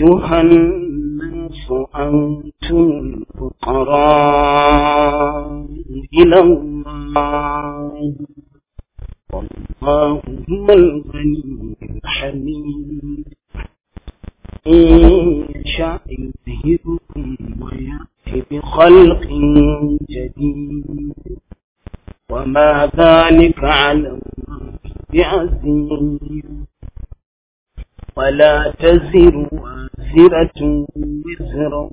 أيها الناس أنتم الفقراء إلى الله والله هو الغني الحميد إن يشاء يذهبكم ويأتي بخلق جديد وما ذلك على الله بعزيز ولا تزر مكذبة وزر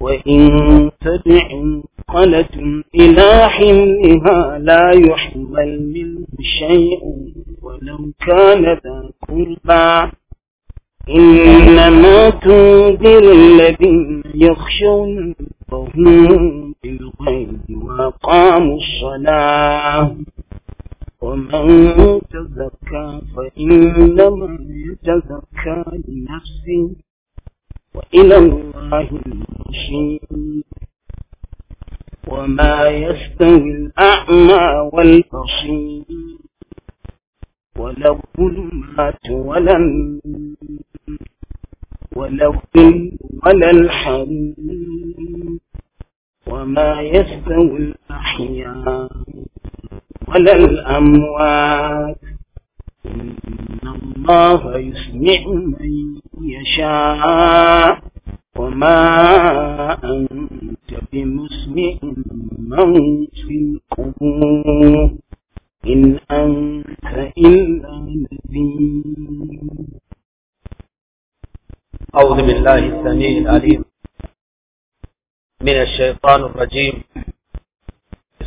وإن تبع قلة إلى حملها لا يحمل منه شيء ولو كان ذا قربا إنما تنذر الذين يخشون ربهم بالغيب وأقاموا الصلاة ومن تزكى فإنما يتزكى لنفسه وإلى الله المشير وما يستوي الأعمى والبصير ولا الظلمات ولا ولا الظل ولا الحرير وما يستوي الأحياء ولا الأموات إن الله يسمع من يشاء وما أنت بمسمع من في القبور إن أنت إلا نذير أعوذ بالله السميع العليم من الشيطان الرجيم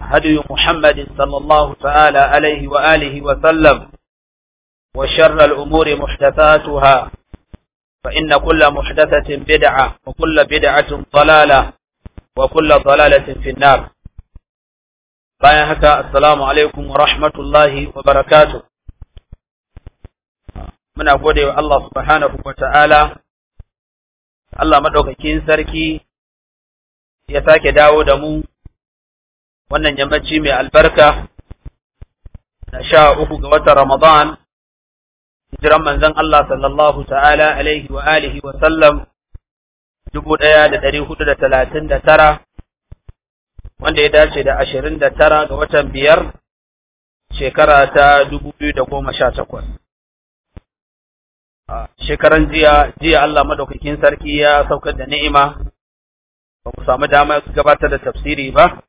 هدي محمد صلى الله تعالى عليه وآله وسلم وشر الأمور محدثاتها فإن كل محدثة بدعة وكل بدعة ضلالة وكل ضلالة في النار فأيهك السلام عليكم ورحمة الله وبركاته من أقول الله سبحانه وتعالى الله مدعوك كين سركي يتاك داود مو wannan yammaci mai albarka na sha uku ga watan Ramadan, jiran manzon Allah sallallahu ta'ala alaihi wa alihi wa sallam dubu ɗaya da ɗari hudu da talatin da tara, wanda ya dace da ashirin da tara ga watan biyar shekara ta dubu biyu da goma sha takwas. Shekaran jiya, jiya Allah madaukakin sarki ya saukar da ni'ima, ba ku samu dama gabatar da tafsiri ba,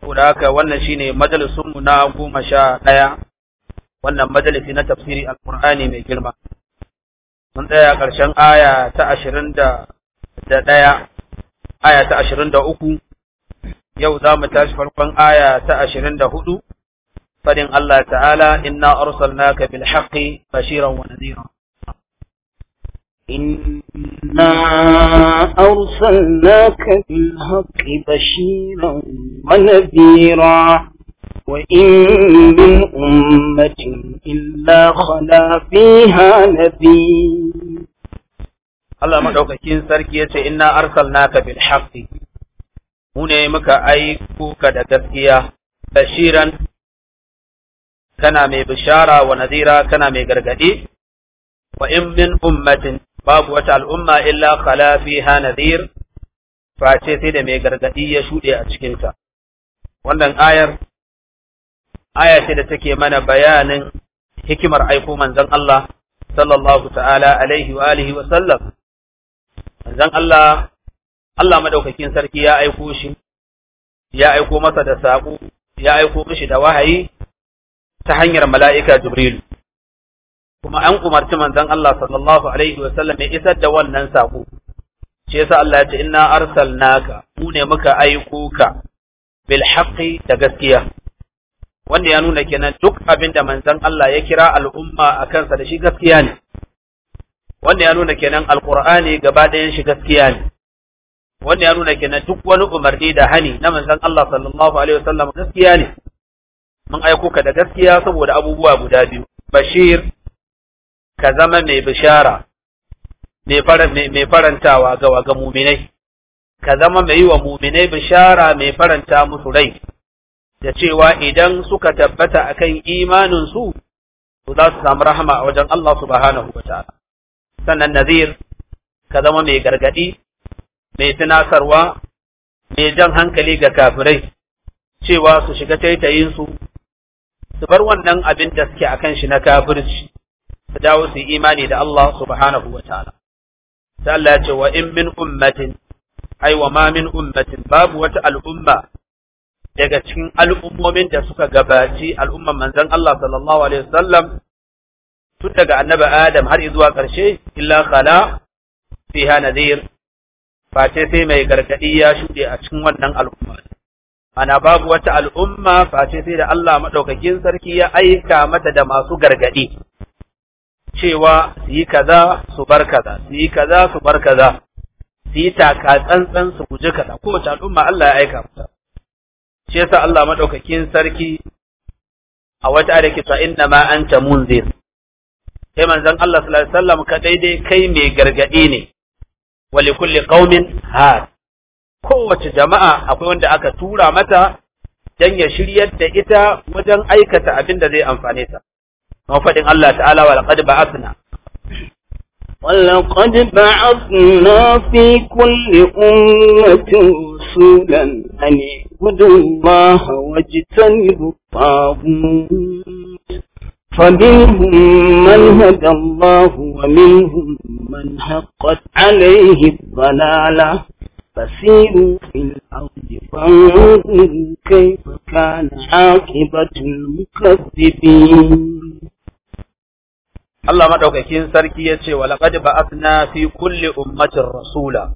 saboda haka wannan shine ne, mu na goma sha ɗaya wannan majalisi na tafsiri alqur'ani mai girma mun tsaya ƙarshen aya ta ashirin da ɗaya aya ta ashirin da uku yau za mu tashi farkon aya ta ashirin da hudu Faɗin Allah ta'ala inna arsalnaka bil haqqi bashiran wa nadhira إنا أرسلناك بالحق بشيرا ونذيرا وإن من أمة إلا خلا فيها نذير الله ما دوكا كين سركية إنا أرسلناك بالحق هنا مكا أيكو كدا تسكية بشيرا كنا مي بشارة ونذيرا كنا مي غرغدي وإن من أمة babu wata al'umma illa khala fiha nadhir face sai da mai gargadi ya shuɗe a cikinta. wannan ayar aya ce da take mana bayanin hikimar aiko manzon Allah sallallahu ta'ala alaihi wa alihi wa sallam manzon Allah Allah madaukakin sarki ya aiko shi ya aiko masa da sako ya aiko mishi da wahayi ta hanyar mala'ika Jibril kuma an umarci manzon Allah sallallahu alaihi wa sallam ya isar da wannan sako shi yasa Allah ya ce inna arsalnaka mu ne muka aiko ka bil haqqi da gaskiya wanda ya nuna kenan duk abin da manzon Allah ya kira al'umma a kansa da shi gaskiya ne wanda ya nuna kenan alqur'ani gaba ɗayan shi gaskiya ne wanda ya nuna kenan duk wani umarni da hani na manzon Allah sallallahu alaihi wa sallam gaskiya ne mun aiko ka da gaskiya saboda abubuwa guda biyu bashir ka zama mai bishara mai farantawa ga ga muminai ka zama mai wa muminai bishara mai faranta musu rai da cewa idan suka tabbata akan imanin su to za su samu rahama a wajen Allah subhanahu ta’ala. sannan nazir ka zama mai gargadi mai tunasarwa, mai jan hankali ga kafirai cewa su shiga taitayinsu. su su bar wannan abin da suke akan shi na kafirci su dawo su imani da Allah subhanahu wa ta'ala sai Allah ya ce wa in min ummatin ai wa ma min ummatin babu wata al'umma daga cikin al'ummomin da suka gabaci al'umman manzan Allah sallallahu alaihi wasallam tun daga annabi Adam har zuwa ƙarshe illa khala fiha nadhir face sai mai gargadi ya shuɗe a cikin wannan al'umma ana babu wata al'umma face sai da Allah maɗaukakin sarki ya aika mata da masu gargadi cewa su yi kaza su bar kaza su yi kaza su bar kaza su yi taka tsantsan su guji kaza kowace al'umma Allah ya aika mata shi yasa Allah madaukakin sarki a wata ayar yake cewa inna ma anta munzir sai manzon Allah sallallahu alaihi wasallam ka daidai kai mai gargadi ne wa li kulli qaumin kowace jama'a akwai wanda aka tura mata dan ya shiryar da ita wajen aikata abin da zai amfane ta Kan faɗin Allah ta'ala wa laqad ba'athna ولقد بعثنا في كل أمة رسولا أن اعبدوا الله واجتنبوا الطاغوت فمنهم من هدى الله ومنهم من حقت عليه الضلالة فسيروا في الأرض فانظروا كيف كان عاقبة المكذبين Allah maɗaukakin sarki ya ce walaqad ba'athna fi kulli ummatin rasula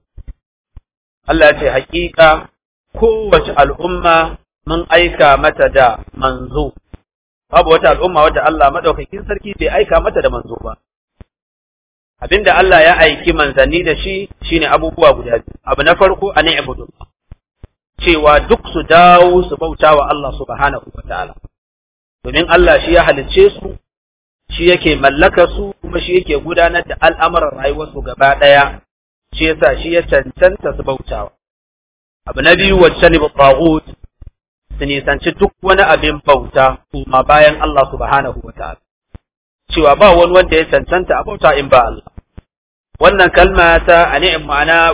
Allah ya ce hakika kowace al'umma mun aika mata da manzo babu wata al'umma wadda Allah maɗaukakin sarki bai aika mata da manzo ba abinda Allah ya aiki manzanni da shi shine abubuwa guda biyu abu na farko an ibudu cewa duk su dawo su bauta wa Allah subhanahu wataala domin Allah shi ya halicce su shi yake mallaka su kuma shi yake gudanar da al'amuran rayuwarsu gaba ɗaya shi yasa shi ya cancanta su bautawa abu na biyu wacce ne tagut su nisanci duk wani abin bauta kuma bayan Allah subhanahu wa ta'ala cewa ba wani wanda ya cancanta a bauta in ba Allah wannan kalma ta ani ma'ana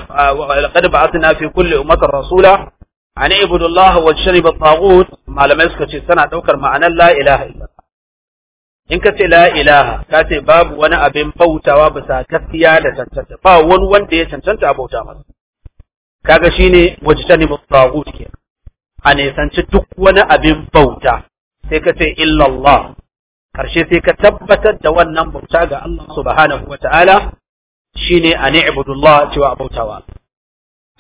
laqad ba'athna fi kulli ummatin rasula ani ibudullah wa shariba tagut malamai suka ce tana ɗaukar ma'anar la ilaha illallah in ka ce la ilaha ka ce babu wani abin bautawa bisa gaskiya da cancanta ba wani wanda ya cancanta a bauta masa kaga shine wajtani mutaghut ke a nisanci duk wani abin bauta sai ka ce illallah karshe sai ka tabbatar da wannan bauta ga Allah subhanahu wataala shine a ni'budullah cewa bautawa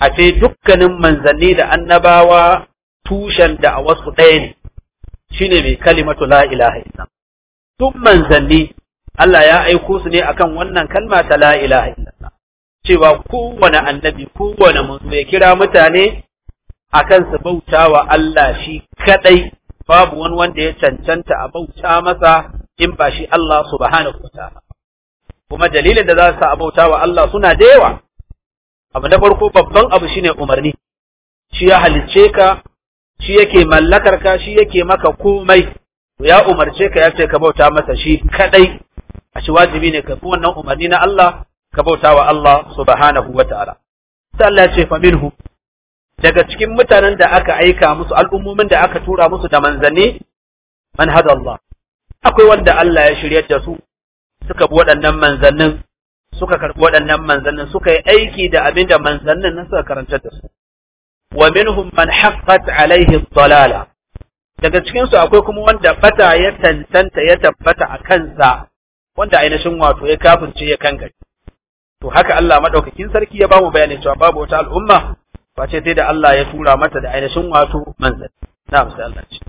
a ce dukkanin manzanni da annabawa tushen da a wasu ɗaya ne shine mai kalimatu la ilaha illallah tun manzanni Allah ya aiko su ne akan wannan kalma ta la ilaha illallah cewa kowane annabi kowane mutum ya kira mutane akan su bauta wa Allah shi kadai babu wani wanda ya cancanta a bauta masa in ba shi Allah subhanahu ta'ala kuma dalilin da za su a bauta wa Allah suna da yawa abu na farko babban abu shine umarni shi ya halicce ka shi yake mallakar ka shi yake maka komai ya umarce ka ya ce ka bauta masa shi kadai a shi wajibi ne ka bi wannan umarni na Allah ka bauta wa Allah subhanahu wa ta'ala sai Allah ya ce fa minhu daga cikin mutanen da aka aika musu al'ummomin da aka tura musu da manzanni man hada Allah akwai wanda Allah ya shiryar da su suka bi waɗannan manzannin suka karɓi waɗannan manzannin suka yi aiki da abin da manzannin nan suka karanta da su wa minhum man haqqat alaihi dalala daga cikinsu akwai kuma wanda bata ya tantanta ya tabbata a kansa wanda ainihin wato ya kafirce ya kangare to haka Allah madaukakin sarki ya bamu bayani cewa babu wata al'umma face sai da Allah ya tura mata da ainihin wato manzan na'am sai Allah ce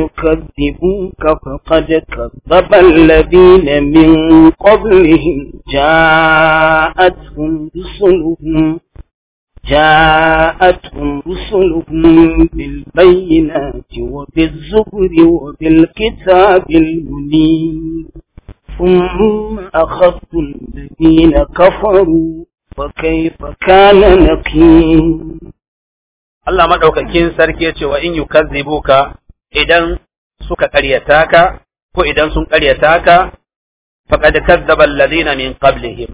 يكذبوك فقد كذب الذين من قبلهم جاءتهم رسلهم جاءتهم رسلهم بالبينات وبالزبر وبالكتاب المنير ثم أخذت الذين كفروا وكيف كان نكير Allah maɗaukakin sarki ya ce wa in yukazzibuka idan suka ƙaryata ka ko idan sun ƙaryata ka faqad kazzaba alladhina min qablihim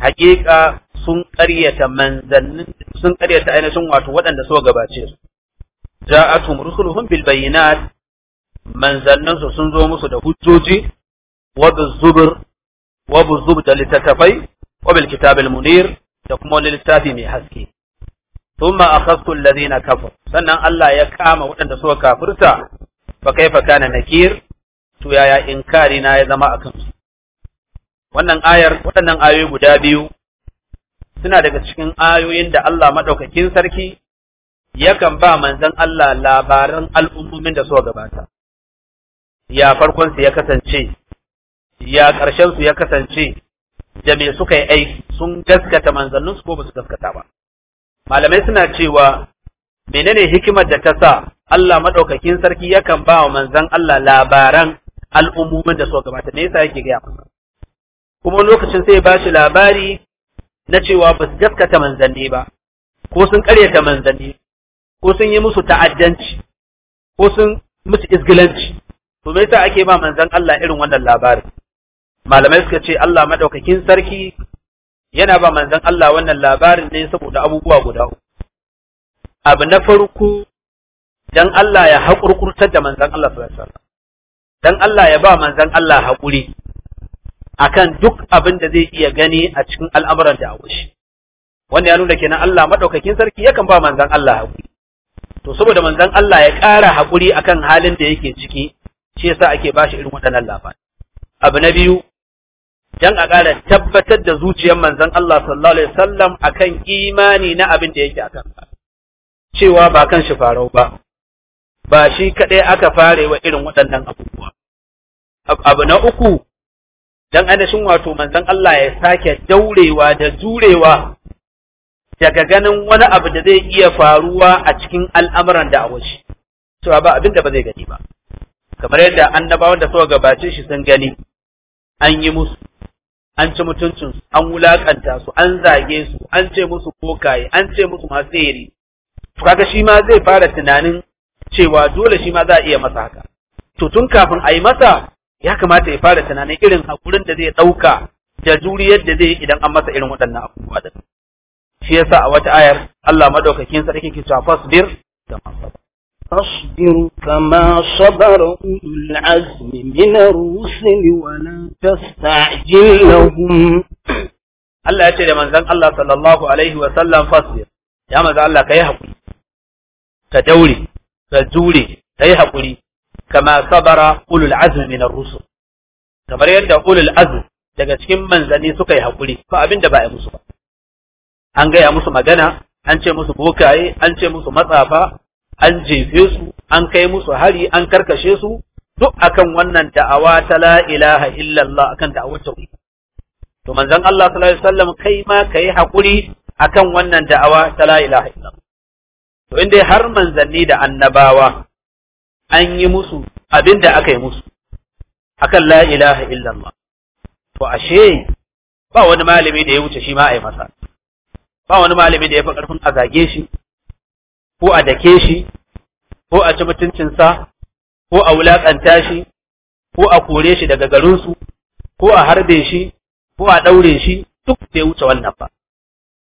haƙiƙa sun ƙaryata manzannin sun ƙaryata ainihin wato waɗanda suka gabace su ja'atuhum rusuluhum bil bayyinat manzannin su sun zo musu da hujjoji wa bizubr wa da littattafai wa bil kitab munir da kuma wani littafi mai haske thumma akhadtu alladhina kafar sannan Allah ya kama waɗanda suka kafirta fa kaifa kana nakir to yaya inkari na ya zama akan su wannan ayar waɗannan ayoyi guda biyu suna daga cikin ayoyin da Allah madaukakin sarki yakan ba manzon Allah labaran al'ummomin da suka gabata ya farkon su ya kasance ya karshen su ya kasance da me suka yi aiki sun gaskata manzannin su ko ba su gaskata ba malamai suna cewa menene hikimar da ta sa Allah madaukakin sarki yakan ba wa manzon Allah labaran al'ummomin da suka gabata me yasa yake gaya kuma lokacin sai ba shi labari na cewa ba su gaskata manzanni ba ko sun karyata manzanni ko sun yi musu ta'addanci ko sun musu izgilanci to me yasa ake ba manzan Allah irin wannan labarin malamai suka ce Allah madaukakin sarki yana ba manzan Allah wannan labarin ne saboda abubuwa guda uku abu na farko dan Allah ya haƙurƙurtar da manzan Allah sallallahu dan Allah ya ba manzan Allah haƙuri akan duk abin da zai iya gani a cikin al'amuran da shi wanda ya nuna kenan Allah madaukakin sarki yakan ba manzon Allah haƙuri. to saboda manzon Allah ya ƙara haƙuri akan halin da yake ciki shi yasa ake shi irin waɗannan labarai abu na biyu dan a ƙara tabbatar da zuciyar manzon Allah sallallahu alaihi wasallam akan imani na abin da yake akan cewa ba kan shi farau ba ba shi kaɗai aka farewa irin waɗannan abubuwa abu na uku dan adashin wato manzon Allah ya sake daurewa da jurewa daga ganin wani abu da zai iya faruwa a cikin al'amuran da a waje cewa ba abin da ba zai gani ba kamar yadda annabawan da suka gabace shi sun gani an yi musu an ci mutuncinsu an wulakanta su an zage su an ce musu kokaye an ce musu masu to kaga shi ma zai fara tunanin cewa dole shi ma za a iya masa haka to tun kafin a yi masa ya kamata ya fara tunanin irin hakurin da zai dauka da juriyar da zai idan an masa irin waɗannan abubuwa da shi yasa a wata ayar Allah madaukakin sa ke cewa fasbir فاصبر كما صبر أولو العزم من الرسل ولا تستعجل لهم الله يتجى من ذنب الله صلى الله عليه وسلم فاصبر يا من الله كي يحقل كدوري كجوري كي يحقل kama sabara ulul azmi min ar-rusul kamar yadda ulul azmi daga cikin manzanni suka yi hakuri ba abin da ba a musu ba an gaya musu magana an ce musu bokaye an ce musu matsafa an jefe su an kai musu hari an karkashe su duk akan wannan da'awa ta la ilaha illallah akan da'awar tauhid to manzon Allah sallallahu alaihi wasallam kai ma kai hakuri akan wannan da'awa ta la ilaha illallah to inda har manzanni da annabawa an yi musu abin da aka yi musu akan la ilaha illallah to ashe ba wani malami da ya wuce shi ma a yi masa ba wani malami da ya fi ƙarfin a zage shi ko a dake shi ko a ci mutuncinsa ko a wulaƙanta shi ko a kore shi daga garinsu ko a harbe shi ko a ɗaure shi duk bai wuce wannan ba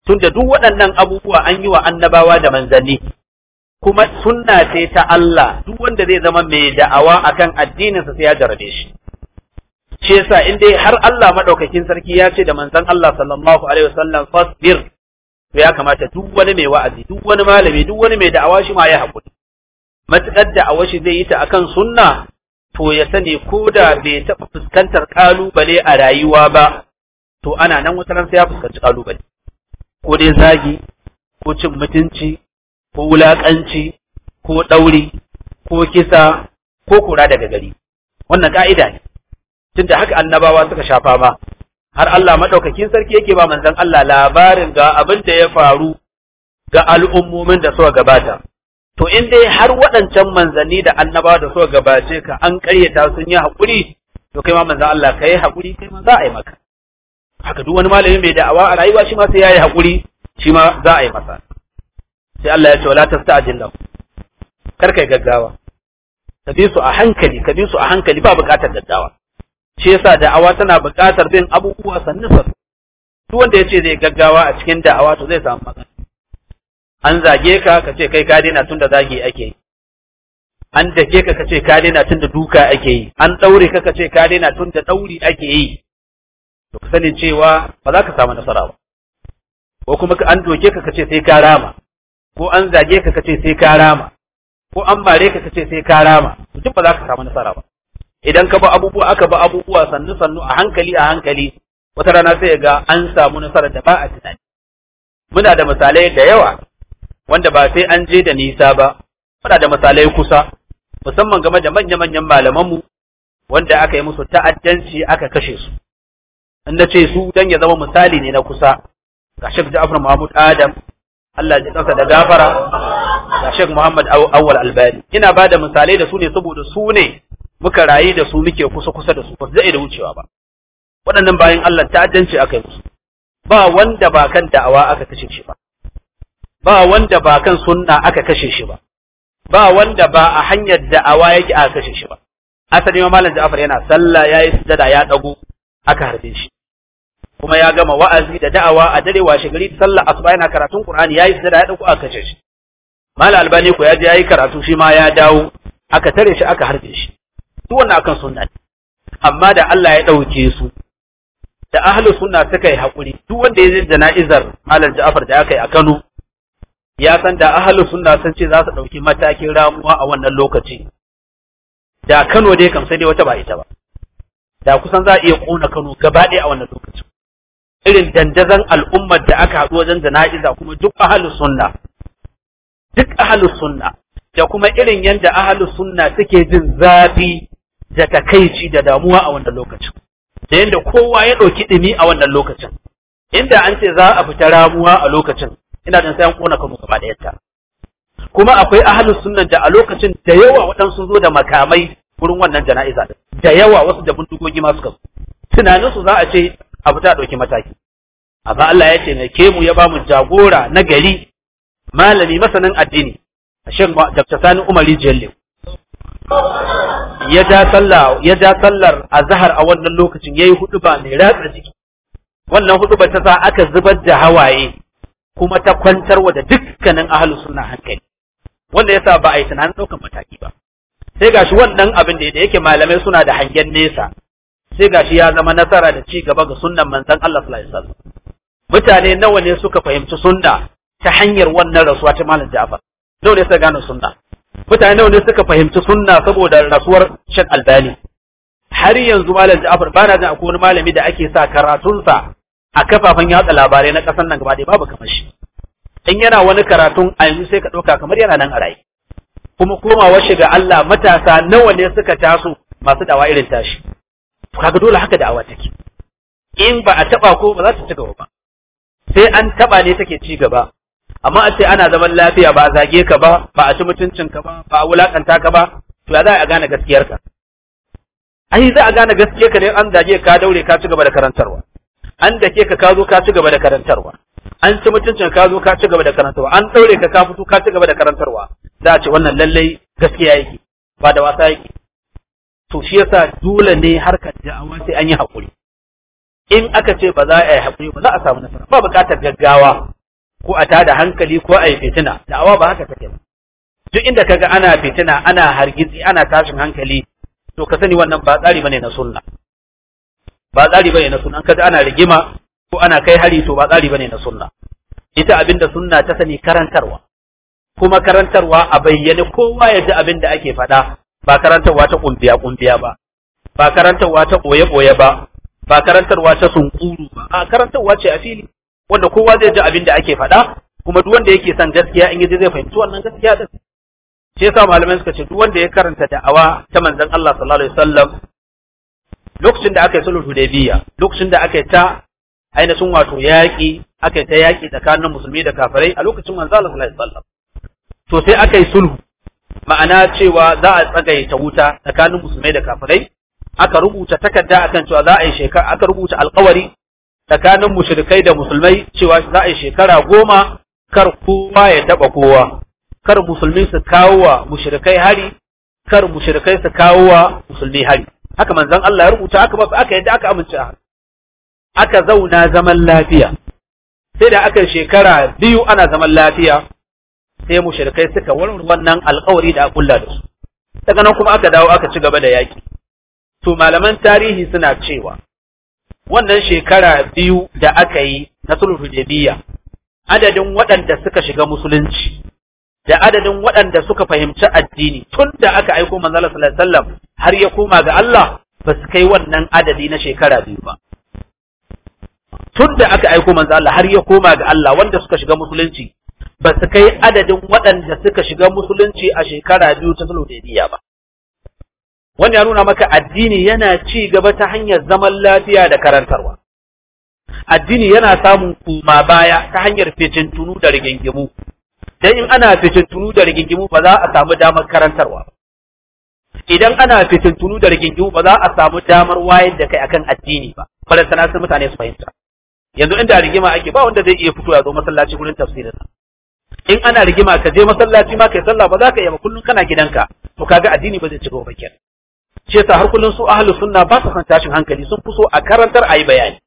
tunda duk waɗannan abubuwa an yi wa annabawa da manzanni kuma sunna ce ta Allah duk wanda zai zama mai da'awa akan addininsa sai ya jarabe shi shi yasa in dai har Allah madaukakin sarki ya ce da manzon Allah sallallahu alaihi wasallam fasbir to ya kamata duk wani mai wa'azi duk wani malami duk wani mai da'awa shi ma ya haƙuri matukar da'awa shi zai yi ta akan sunna to ya sani ko da bai taɓa fuskantar ƙalubale a rayuwa ba to ana nan wata sai ya fuskanci ƙalubale ko dai zagi ko cin mutunci ko wulaƙanci ko ɗauri ko kisa ko kura daga gari wannan ƙa'ida ne tunda haka annabawa suka shafa ma har Allah madaukakin sarki yake ba manzan Allah labarin ga abin da ya faru ga al'ummomin da suka gabata to in dai har waɗancan manzanni da annabawa da suka gabace ka an ƙaryata sun yi haƙuri to kai ma manzon Allah kai haƙuri kai ma za a yi maka haka duk wani malami mai da'awa a rayuwa shi ma sai yayi haƙuri shi ma za a yi masa sai Allah ya ce wala tasta'jil lahu kar kai gaggawa ka bi su a hankali ka bi su a hankali ba buƙatar gaggawa shi yasa da'awa tana buƙatar bin abubuwa sannu sannu duk wanda ya ce zai gaggawa a cikin da'awa to zai samu matsala an zage ka ka ce kai ka daina tunda zagi ake yi an dake ka ka ce ka daina tunda duka ake yi an daure ka ka ce ka daina tunda dauri ake yi to ka sani cewa ba za ka samu nasara ba ko kuma an doke ka ka ce sai ka rama ko an zage ka kace sai ka rama ko an mare ka kace sai ka rama duk ba za ka samu nasara ba idan ka ba abubuwa aka ba abubuwa sannu sannu a hankali a hankali wata rana sai ga an samu nasarar da ba a tunani muna da misalai da yawa wanda ba sai an je da nisa ba muna da misalai kusa musamman game da manya-manyan malamanmu wanda aka yi musu ta'addanci aka kashe su in na ce su dan ya zama misali ne na kusa ga Sheikh Ja'far Mahmud Adam Allah ji kansa da gafara da Sheikh Muhammad Awwal Albani ina ba da misalai da su ne saboda su ne muka rayu da su muke kusa kusa da su ba zai da wucewa ba waɗannan bayan Allah ta'addanci aka yi musu ba wanda ba kan da'awa aka kashe shi ba ba wanda ba kan sunna aka kashe shi ba ba wanda ba a hanyar da'awa yake aka kashe shi ba asali ma malam Ja'far yana sallah yayi sujada ya dago aka harbe shi kuma ya gama wa'azi da da'awa a dare washe gari sallah asuba yana karatun Qur'ani yayi da ya dauko aka ce shi Mal Albani ko ya je yayi karatu shi ma ya dawo aka tare shi aka harbe shi duk wannan akan sunna amma da Allah ya ɗauke su da ahlu sunna suka yi hakuri duk wanda ya je jana'izar Malam Ja'far da aka yi a Kano ya san da ahlu sunna sun ce za su dauki matakin ramuwa a wannan lokaci da Kano dai kam sai dai wata ba ita ba da kusan za a iya kona Kano gaba ɗaya a wannan lokacin irin dandazon al'ummar da aka haɗu wajen jana'iza kuma duk ahalu sunna duk ahalu sunna da kuma irin yadda ahalu sunna suke jin zafi da takaici da damuwa a wannan lokacin da yadda kowa ya ɗauki ɗumi a wannan lokacin inda an ce za a fita ramuwa a lokacin ina jin sai an kona kanmu gaba ɗaya ta kuma akwai ahalu sunna da a lokacin da yawa waɗansu zo da makamai wurin wannan jana'iza da yawa wasu da bindigogi ma suka tunaninsu za a ce Abu ta ɗauki mataki amma Allah ya ce mai ke mu ya bamu jagora na gari malami masanin addini a Dr. Sani Umari Jelle ya ja sallah a zahar a wannan lokacin ya yayi huduba mai ratsa jiki wannan huduba ta sa aka zubar da hawaye kuma ta kwantar wa da dukkanin ahlus suna hankali wanda ya sa ba a yi tunanin ɗaukan mataki ba sai gashi wannan abin da yake malamai suna da hangen nesa sai gashi ya zama nasara da ci gaba ga sunnan manzon Allah sallallahu alaihi wasallam mutane nawa ne suka fahimci sunna ta hanyar wannan rasuwa ta malam Ja'far nawa ne suka gane sunna mutane nawa ne suka fahimci sunna saboda rasuwar Sheikh Albani har yanzu malam Ja'far ba na jin akwai wani malami da ake sa karatunsa a kafafen yatsa labarai na ƙasar nan gaba ɗaya babu kamar shi in yana wani karatun a yanzu sai ka ɗauka kamar yana nan a raye kuma komawa shiga Allah matasa nawa ne suka taso masu dawa irin tashi kaga dole haka da'awa take in ba a taba ko ba za ta ci gaba ba sai an taba ne take ci gaba amma a ce ana zaman lafiya ba a zage ka ba ba a ci mutuncin ka ba ba a wulakanta ka ba to ya za a gane gaskiyar ka ai za a gane gaskiyar ka ne an zage ka daure ka ci gaba da karantarwa an dake ka ka zo ka ci gaba da karantarwa an ci mutuncin ka zo ka ci gaba da karantarwa an daure ka ka fito ka ci gaba da karantarwa za a ce wannan lallai gaskiya yake ba da wasa yake to shi yasa dole ne harkar da'awa sai an yi haƙuri in aka ce ba za a yi haƙuri ba za a samu nasara ba buƙatar gaggawa ko a tada hankali ko a yi fitina da'awa ba haka take ba duk inda kaga ana fitina ana hargitsi ana tashin hankali to ka sani wannan ba tsari bane na sunna ba tsari bane na sunna kaga ana rigima ko ana kai hari to ba tsari bane na sunna ita abinda sunna ta sani karantarwa kuma karantarwa a bayyane kowa ya ji abin da ake faɗa ba karantarwa ta kumfiya kumfiya ba ba karantarwa ta boye boye ba ba karantarwa ta sunkuru ba a karantarwa ce a fili wanda kowa zai ji abin da ake faɗa kuma duk wanda yake son gaskiya in yaje zai fahimci wannan gaskiya din shi yasa malamai suka ce duk wanda ya karanta da'awa ta manzon Allah sallallahu alaihi wasallam lokacin da aka yi sulhu da biya lokacin da aka yi ta ainihin wato yaƙi aka yi ta yaƙi tsakanin musulmi da kafirai a lokacin manzon Allah sallallahu alaihi wasallam to sai aka yi sulhu ma'ana cewa za a tsagaita wuta tsakanin musulmai da kafirai aka rubuta takarda akan cewa za a yi shekara aka rubuta alkawari tsakanin mushrikai da musulmai cewa za a yi shekara goma kar kowa ya taba kowa kar musulmi su kawo wa mushrikai hari kar mushrikai su kawo wa musulmi hari haka manzon Allah ya rubuta aka ba aka yadda aka amince aka zauna zaman lafiya sai da aka shekara biyu ana zaman lafiya sai mushrikai suka warware wannan alƙawari da akulla da su daga nan kuma aka dawo aka ci gaba da yaki to malaman tarihi suna cewa wannan shekara biyu da aka yi na sulhu hudaybiya adadin waɗanda suka shiga musulunci da adadin waɗanda suka fahimci addini tun da aka aiko manzala sallallahu alaihi wasallam har ya koma ga Allah ba su kai wannan adadi na shekara biyu ba tun da aka aiko manzo Allah har ya koma ga Allah wanda suka shiga musulunci ba su kai adadin waɗanda suka shiga musulunci a shekara biyu ta sulhudaybiya ba Wani ya nuna maka addini yana ci gaba ta hanyar zaman lafiya da karantarwa addini yana samun kuma baya ta hanyar tunu da rigingimu dan in ana tunu da rigingimu ba za a samu damar karantarwa ba. idan ana tunu da rigingimu ba za a samu damar wayar da kai akan addini ba balantana sun mutane su fahimta yanzu inda rigima ake ba wanda zai iya ya zo masallaci gurin tafsirin in ana rigima ka je masallaci ma kai sallah ba za ka yi ba kullun kana gidanka to kaga addini ba zai ci gaba kenan shi yasa har kullun su ahlus sunna ba su san tashin hankali sun fuso a karantar ayi bayani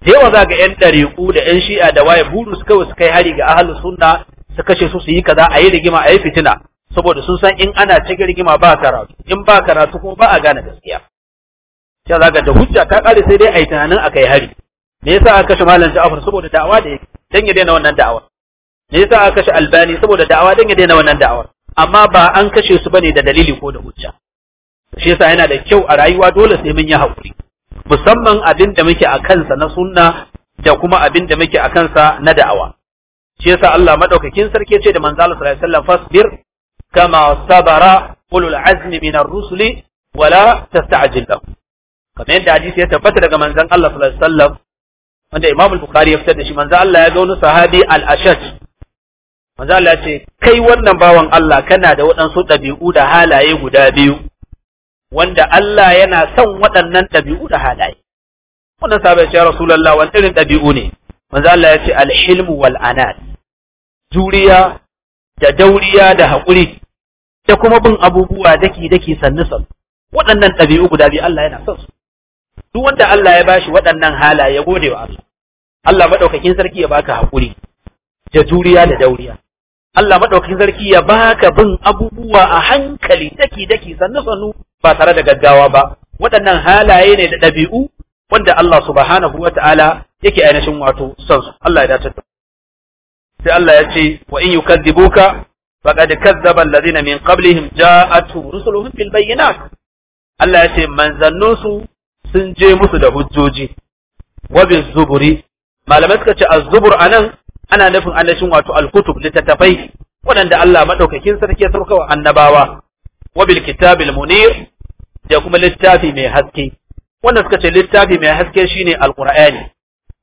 da yawa za ga yan dariku da yan shi'a da waye buru su kawai su kai hari ga ahlus sunna su kashe su su yi kaza ayi rigima ayi fitina saboda sun san in ana cikin rigima ba karatu in ba karatu kuma ba a gane gaskiya sai zaga da hujja ta kare sai dai ayi tunanin akai hari me yasa aka kashe malam Ja'far saboda da'awa da yake dan ya daina wannan da'awa me yasa aka kashe albani saboda da'awa dan ya daina wannan da'awar amma ba an kashe su bane da dalili ko da hujja shi yasa yana da kyau a rayuwa dole sai mun yi hakuri musamman abin da muke a kansa na sunna da kuma abin da muke a kansa na da'awa shi yasa Allah madaukakin sarki ce da manzo Allah sallallahu alaihi wasallam fasbir kama sabara ulul azmi min ar-rusuli wala tasta'jil lahum kamar yadda hadisi ya tabbata daga manzon Allah sallallahu alaihi wasallam wanda Imam al-Bukhari ya fitar da shi manzo Allah ya ga wani sahabi al-Ashaj manzo Allah ce kai wannan bawan Allah kana da waɗansu ɗabi'u da halaye guda biyu wanda Allah yana son waɗannan ɗabi'u da halaye wannan sabai ce Rasulullah wani irin ɗabi'u ne manzo Allah ya ce alhilmu wal anad juriya da dauriya da haƙuri da kuma bin abubuwa daki daki sannu sannu waɗannan ɗabi'u guda biyu Allah yana son su duk wanda Allah ya bashi waɗannan halaye ya gode wa Allah Allah madaukakin sarki ya baka haƙuri da juriya da dauriya Allah madaukakin sarki ya baka bin abubuwa a hankali daki daki sannu sannu ba tare da gaggawa ba waɗannan halaye ne da ɗabi'u wanda Allah subhanahu wa ta'ala yake ainihin wato son su Allah ya dace da sai Allah ya ce wa in yukadzibuka faqad kadzdzaba alladhina min qablihim ja'atuhum rusuluhum bil bayyinat Allah ya ce manzannun su sun je musu da hujjoji wa zuburi malamai suka ce az-zubur anan ana nufin annashin wato al-kutub littattafai waɗanda Allah maɗaukakin sarki ya saukawa annabawa wa bil kitabil munir da kuma littafi mai haske wanda suka ce littafi mai haske shine alqur'ani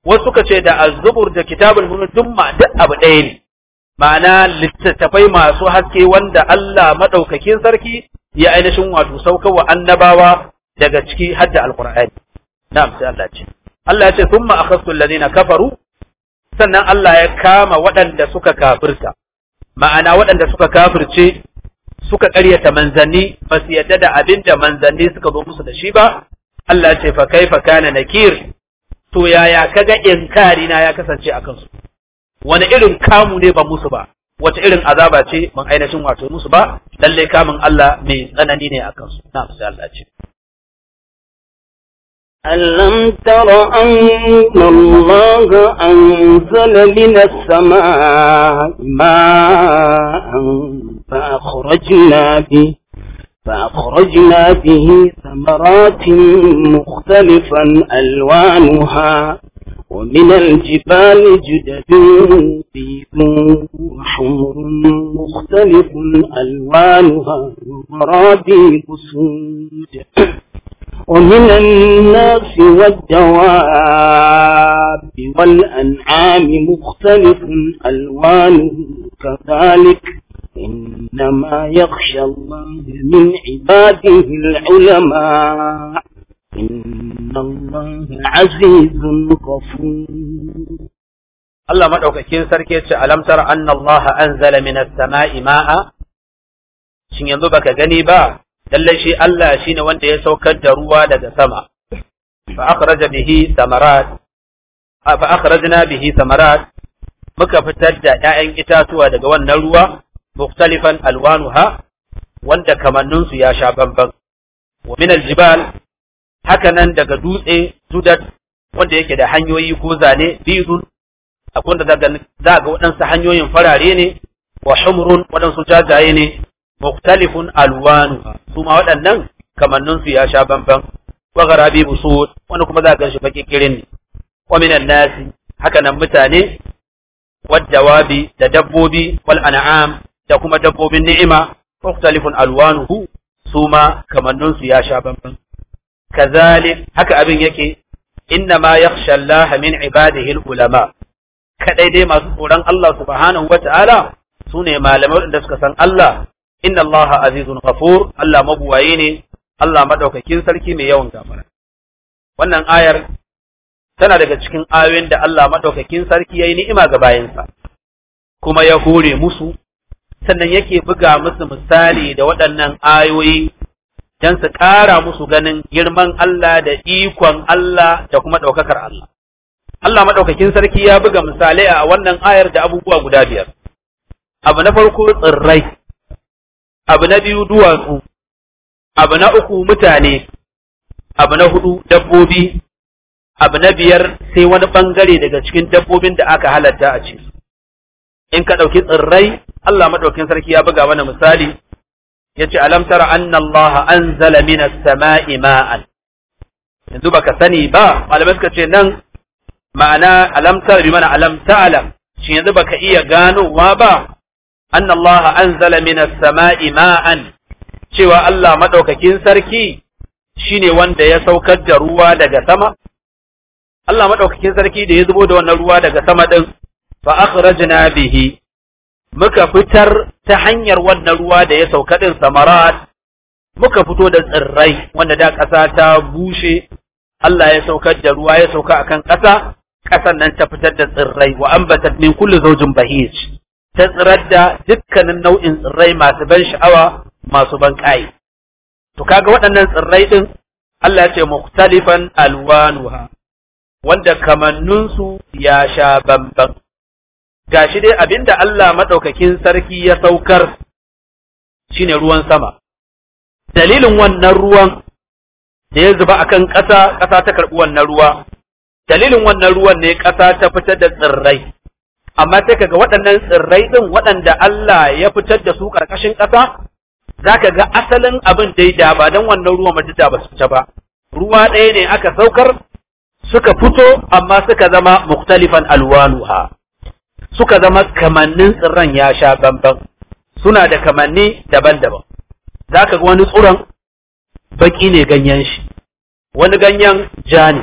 wasu suka ce da az da kitabul munir duk ma duk abu ɗaya ne ma'ana littattafai masu haske wanda Allah maɗaukakin sarki ya ainihin wato saukawa annabawa daga ciki hadda alqur'ani na'am sai Allah ce Allah ya ce thumma akhadtu alladhina kafaru sannan Allah ya kama waɗanda suka kafirta ma'ana waɗanda suka kafirce suka ƙaryata manzanni ba su yadda da abin da manzanni suka zo musu da shi ba Allah ce fa kaifa kana nakir to yaya kaga inkari na ya kasance akan su wani irin kamu ne ba musu ba wata irin azaba ce ban ainihin wato musu ba lalle kamun Allah mai tsanani ne akan su na Allah ce ألم تر أن الله أنزل من السماء ماء فأخرجنا به فأخرجنا به ثمرات مختلفا ألوانها ومن الجبال جدد بيض وحمر مختلف ألوانها وغرابي بسود ومن الناس والدواب والأنعام مختلف ألوانه كذلك إنما يخشى الله من عباده العلماء إن الله عزيز غفور الله مدعوك كين سركيت ألم ترى أن الله أنزل من السماء ماء baka gani جنيبا lallai shi Allah shine wanda ya saukar da ruwa daga sama fa akhraja bihi akhrajna bihi samarat muka fitar da 'ya'yan itatuwa daga wannan ruwa mukhtalifan alwanuha wanda kamanninsu su ya sha bamban wa min aljibal haka daga dutse sudat wanda yake da hanyoyi ko zane bidun akwai da za ga hanyoyin farare ne wa humrun waɗansu jajaye ne muktalifun alwanu su ma waɗannan Kamanninsu ya sha bamban wa garabi busud wani kuma za ka shi bakin kirin ne wa minan nasi haka nan mutane wadawabi da dabbobi wal an'am da kuma dabbobin ni'ima muktalifun alwanuhu su ma kamannin ya sha bamban kazalik haka abin yake inna ma yakhsha Allah min ibadihi ulama kadai dai masu tsoron Allah subhanahu wataala sune malamai waɗanda suka san Allah inna Allah azizun ghafur Allah mabuwaye ne Allah madaukakin sarki mai yawan gafara wannan ayar tana daga cikin ayoyin da Allah maɗaukakin sarki yayi ni'ima ga bayansa kuma ya hore musu sannan yake buga musu misali da waɗannan ayoyi don su ƙara musu ganin girman Allah da ikon Allah da kuma ɗaukakar Allah. Allah maɗaukakin sarki ya buga misalai a wannan ayar da abubuwa guda biyar. Abu na farko tsirrai, abu na biyu duwatsu abu na uku mutane abu na hudu dabbobi abu na biyar sai wani bangare daga cikin dabbobin da aka halatta a ci in ka ɗauki tsirrai Allah maɗaukin sarki ya buga mana misali ya ce alam tara anna Allah anzala minas sama'i ma'an yanzu ka sani ba malamai suka ce nan ma'ana alam tara bi mana alam ta'lam shin yanzu baka iya ganowa ba anna Allah anzala minas sama'i ma'an cewa Allah madaukakin sarki shine wanda ya saukar da ruwa daga sama Allah madaukakin sarki da ya zubo da wannan ruwa daga sama din fa akhrajna bihi muka fitar ta hanyar wannan ruwa da ya sauka din samarat muka fito da tsirrai wanda da ƙasa ta bushe Allah ya saukar da ruwa ya sauka akan ƙasa ƙasan nan ta fitar da tsirrai wa ambatat min kulli zawjin bahij ta tsirar da dukkanin nau'in tsirrai masu ban sha'awa masu ban ƙayi. To kaga waɗannan tsirrai ɗin Allah ya ce muktalifan alwanuha wanda kamanninsu ya sha Ga Gashi dai abinda Allah maɗaukakin sarki ya saukar shine ruwan sama. Dalilin wannan ruwan da ya zuba akan ƙasa, ƙasa ta karɓi wannan ruwa. Dalilin wannan ruwan ne ƙasa ta fitar da tsirrai. amma sai kaga waɗannan tsirrai ɗin waɗanda Allah ya fitar da su ƙarƙashin ƙasa za ka ga asalin abin dai da ba don wannan ruwa ma da ba su fita ba ruwa ɗaya ne aka saukar suka fito amma suka zama muktalifan alwanuha suka zama kamannin tsirran ya sha bambam suna da kamanni daban-daban Za ka ga wani tsuran baki ne ganyen shi wani ganyen ja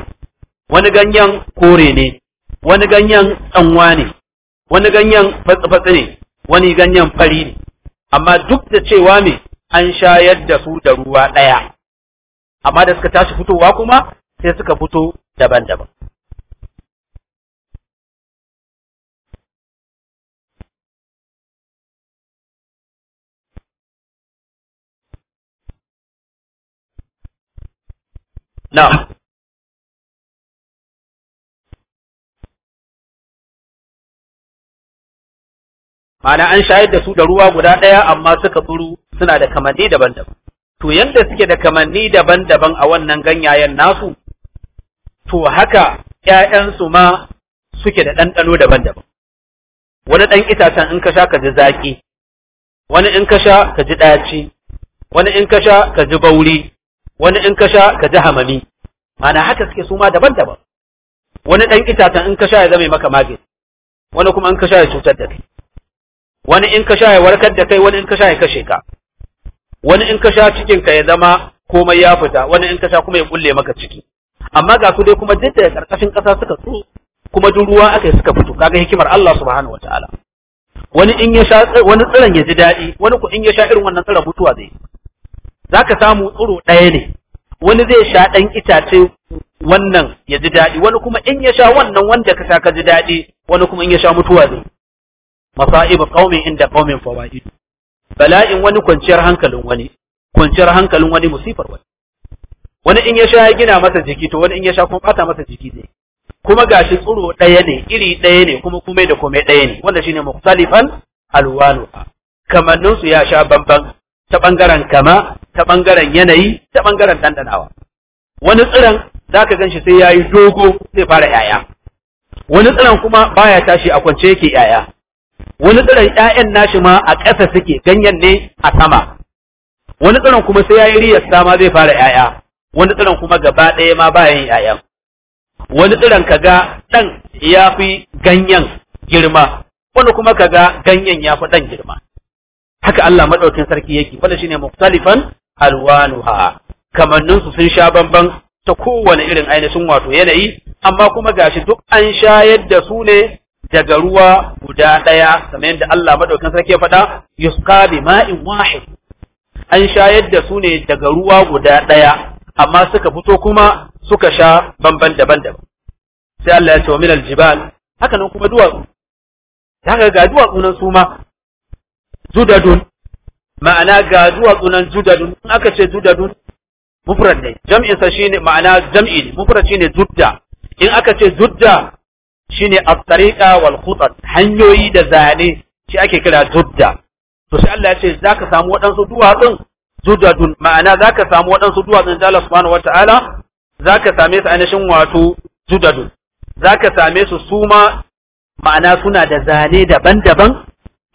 wani ganyen kore ne wani ganyen tsanwa ne wani ganyen fatsi-fatsi ne wani ganyen fari ne amma duk da cewa ne an shayar da su da ruwa ɗaya amma da suka tashi fitowa kuma sai suka fito daban-daban Now, ma'ana an shayar da su da ruwa guda ɗaya amma suka tsuru suna da kamanni daban-daban to yanda suke da kamanni daban-daban a wannan ganyayen nasu to haka ‘ya'yansu ma suke da ɗanɗano daban-daban wani ɗan itacen in ka sha ka ji zaƙi wani in ka sha ka ji ɗaci wani in ka sha ka ji bauri wani in ka sha ka ji hamami ma'ana haka suke su ma daban-daban wani ɗan itacen in ka sha ya zama maka magani wani kuma in ka sha ya cutar da kai wani in ka sha ya warkar da kai wani in ka sha ya kashe ka wani in ka sha cikin ka ya zama komai ya fita wani in ka sha kuma ya kulle maka ciki amma ga su dai kuma duk da karkashin kasa suka tsu kuma duk ruwa aka suka fito kaga hikimar Allah subhanahu wataala wani in ya sha wani tsiran ya ji daɗi wani ku in ya sha irin wannan tsiron mutuwa zai zaka samu tsiro ɗaya ne wani zai sha ɗan itace wannan ya ji daɗi wani kuma in ya sha wannan wanda ka sha ka ji daɗi wani kuma in ya sha mutuwa zai masa'ibu qaumin inda qaumin fawaid bala'in wani kwanciyar hankalin wani kwanciyar hankalin wani musifar wani wani in ya sha ya gina masa jiki to wani in ya sha kuma bata masa jiki ne kuma gashi tsuro ɗaya ne iri ɗaya ne kuma kuma da komai ɗaya ne wanda shine mukhtalifan alwanu kamannin su ya sha bamban ta bangaren kama ta bangaren yanayi ta bangaren dandanawa wani tsiran zaka ganshi sai yayi dogo sai fara yaya wani tsiran kuma baya tashi a kwance yake yaya wani tsiron 'ya'yan nashi ma a ƙasa suke ganyen ne a sama wani tsiron kuma sai yayi riyar sama zai fara 'ya'ya, wani tsiron kuma gaba ɗaya ma bayan 'ya'yan, wani tsiron ga ɗan ya fi ganyen girma wani kuma ka ga ganyen ya fi ɗan girma haka Allah maɗaukin sarki yake wanda shine muktalifan alwanuha kamannin su sun sha bamban ta kowane irin ainihin wato yanayi amma kuma gashi duk an sha yadda su ne daga ruwa guda ɗaya kamar yadda Allah madaukakin sarki ya faɗa yusqa bi ma'in wahid an shayar da su ne daga ruwa guda ɗaya amma suka fito kuma suka sha bamban daban-daban sai Allah ya ce wa minal jibal haka nan kuma duwatsu haka ga duwatsu nan su ma zudadun ma'ana ga duwatsu nan zudadun in aka ce zudadun mufrad ne jam'in sa shine ma'ana jam'i mufrad shine zudda in aka ce zudda shine at-tariqa wal khutat hanyoyi da zane shi ake kira zudda to sai Allah ya ce zaka samu waɗansu duwatsun zudadun ma'ana zaka samu waɗansu duwatsun da Allah subhanahu wataala zaka same su ainihin wato zudadun zaka same su suma ma'ana suna da zane daban-daban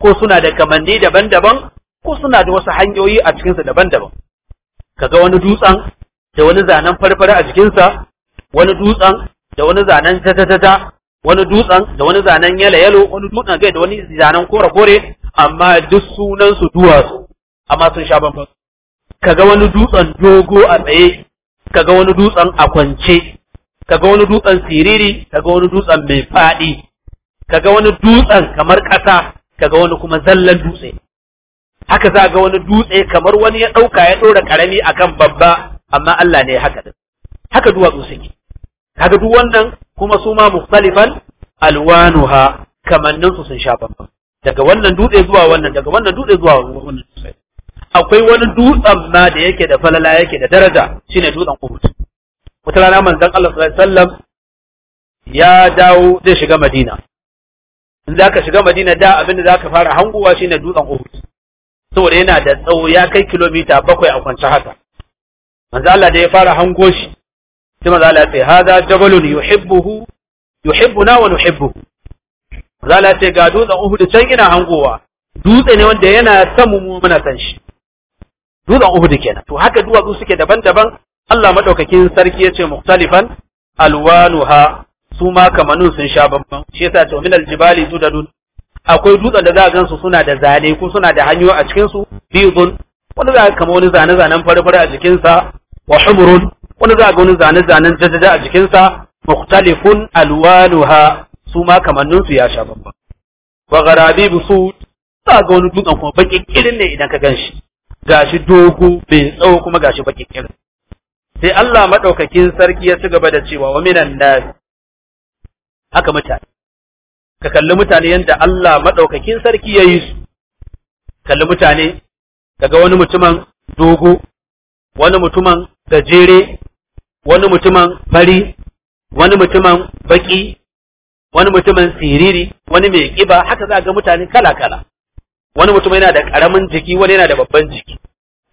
ko suna da kamanni daban-daban ko suna da wasu hanyoyi a cikinsu daban-daban kaga wani dutsen da wani zanen farfara a jikinsa wani dutsen da wani zanen tattatata wani dutsen da wani zanen yala yalo wani dutsen gai da wani zanen kore kore amma duk sunan su duwatsu amma sun sha bambam kaga wani dutsen dogo a tsaye kaga wani dutsen a kwance kaga wani dutsen siriri kaga wani dutsen mai faɗi kaga wani dutsen kamar ƙasa kaga wani kuma zallan dutse haka za ga wani dutse kamar wani ya ɗauka ya ɗora ƙarami akan babba amma Allah ne haka din haka duwatsu suke kaga duk wannan kuma su ma mukhtalifan alwanuha kamannin su sun sha bambam daga wannan dutse zuwa wannan daga wannan dutse zuwa wannan akwai wani dutsen ma da yake da falala yake da daraja shine dutsen Uhud wata rana manzon Allah sallallahu alaihi wasallam ya dawo zai shiga Madina in zaka shiga Madina da abin da zaka fara hanguwa shine dutsen Uhud saboda yana da tsawo ya kai kilomita bakwai a kwance haka manzo Allah da ya fara hango shi sai manzo Allah ya ce hada jabalun yuhibbuhu yuhibbuna wa nuhibbuhu manzo Allah ya ce ga dutsen Uhud can ina hangowa dutse ne wanda yana san mu muna san shi dutsen Uhud kenan to haka duwatsu suke daban-daban Allah maɗaukakin sarki ya yace mukhtalifan alwanuha su ma kamanun sun sha bambam. shi yasa to min aljibali tudadun akwai dutsen da za a gansu suna da zane ko suna da hanyoyi a cikin su bizun wani za kama wani zane-zanen fari-fari a jikinsa wa humurun wani za ga wani zane-zanen jajaja a jikinsa mukhtalifun alwaluha su ma kamannin su ya sha babba wa garabi su za ga wani dutsen kuma bakin kirin ne idan ka gan ga gashi dogo bai tsawo kuma gashi bakin kirin sai Allah madaukakin sarki ya ci gaba da cewa wa minan nas haka mutane ka kalli mutane yadda Allah madaukakin sarki ya yi su kalli mutane daga wani mutumin dogo wani mutumin gajere wani mutumin fari wani mutumin baki wani mutumin siriri wani mai ƙiba, haka za a ga mutane kala kala wani mutum yana da ƙaramin jiki wani yana da babban jiki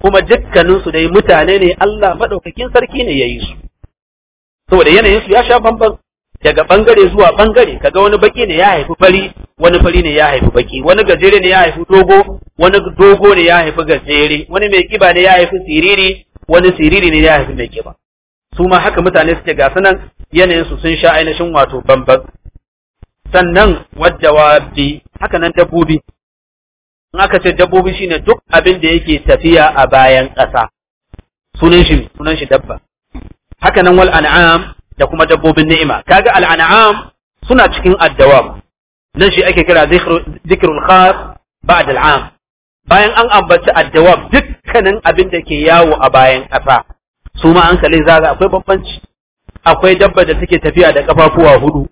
kuma dukkaninsu dai mutane ne Allah maɗaukakin sarki ne ya yi su saboda yanayin su ya sha bamban daga bangare zuwa bangare kaga wani baki ne ya haifi fari wani fari ne ya haifi baki wani gajere ne ya haifi dogo wani dogo ne ya haifi gajere wani mai ƙiba ne ya haifi siriri wani siriri ne ya haifi mai ƙiba. su ma haka mutane suke ga sanan yanayin su sun sha ainihin wato bambam sannan wajjawabi haka nan dabbobi in aka ce dabbobi shine duk abin da yake tafiya a bayan ƙasa sunan shi sunan shi dabba haka nan wal an'am da kuma dabbobin ni'ima kaga al an'am suna cikin addawab nan shi ake kira zikrul khas ba'da al bayan an ambaci addawab dukkanin abin da ke yawo a bayan ƙasa su ma za ga akwai bambanci akwai dabba da take tafiya da kafafuwa hudu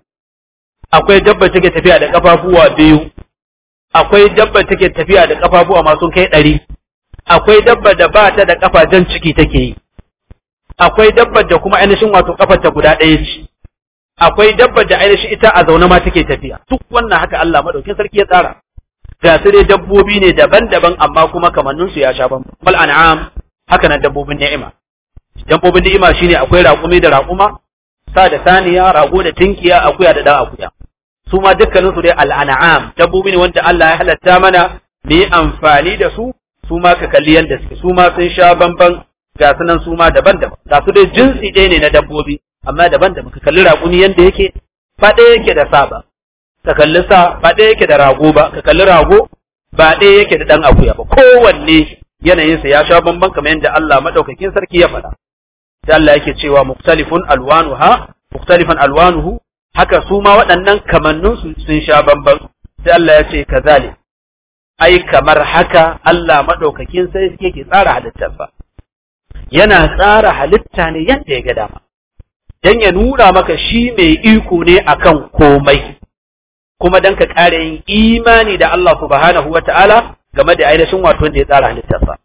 akwai dabba take tafiya da kafafuwa biyu akwai dabba take tafiya da kafafuwa masu kai ɗari akwai dabba da ba ta da kafa jan ciki take yi akwai dabba da kuma ainihin wato kafar ta guda ɗaya ce akwai dabba da ainihin ita a zaune ma take tafiya duk wannan haka Allah madaukin sarki ya tsara ga su dai dabbobi ne daban-daban amma kuma kamannin su ya sha ban bal an'am haka nan dabbobin ni'ima dabbobin ni'ima shine akwai raƙumi da raƙuma sa da saniya rago da tinkiya akuya da dan akuya su ma dukkanin su dai al'an'am dabbobi ne wanda Allah ya halatta mana mu yi amfani da su su ma ka kalli yanda suke su ma sun sha bamban ga su nan su ma daban-daban ga su dai jinsi ɗaya ne na dabbobi amma daban-daban ka kalli raƙumi yanda yake ba ɗaya yake da sa ba ka kalli sa ba ɗaya yake da rago ba ka kalli rago ba ɗaya yake da ɗan akuya ba kowanne yanayinsa ya sha bamban kamar yadda Allah madaukakin sarki ya faɗa sai Allah yake cewa muktalifun alwanuha muktalifan alwanuhu haka su ma waɗannan kamannin su sun sha bamban sai Allah ya ce kazalik ai kamar haka Allah madaukakin sai yake tsara halittarsa yana tsara halitta ne yadda ya ga dama dan ya nura maka shi mai iko ne akan komai kuma dan ka ƙara yin imani da Allah subhanahu wata'ala game da ainihin wato da ya tsara halittarsa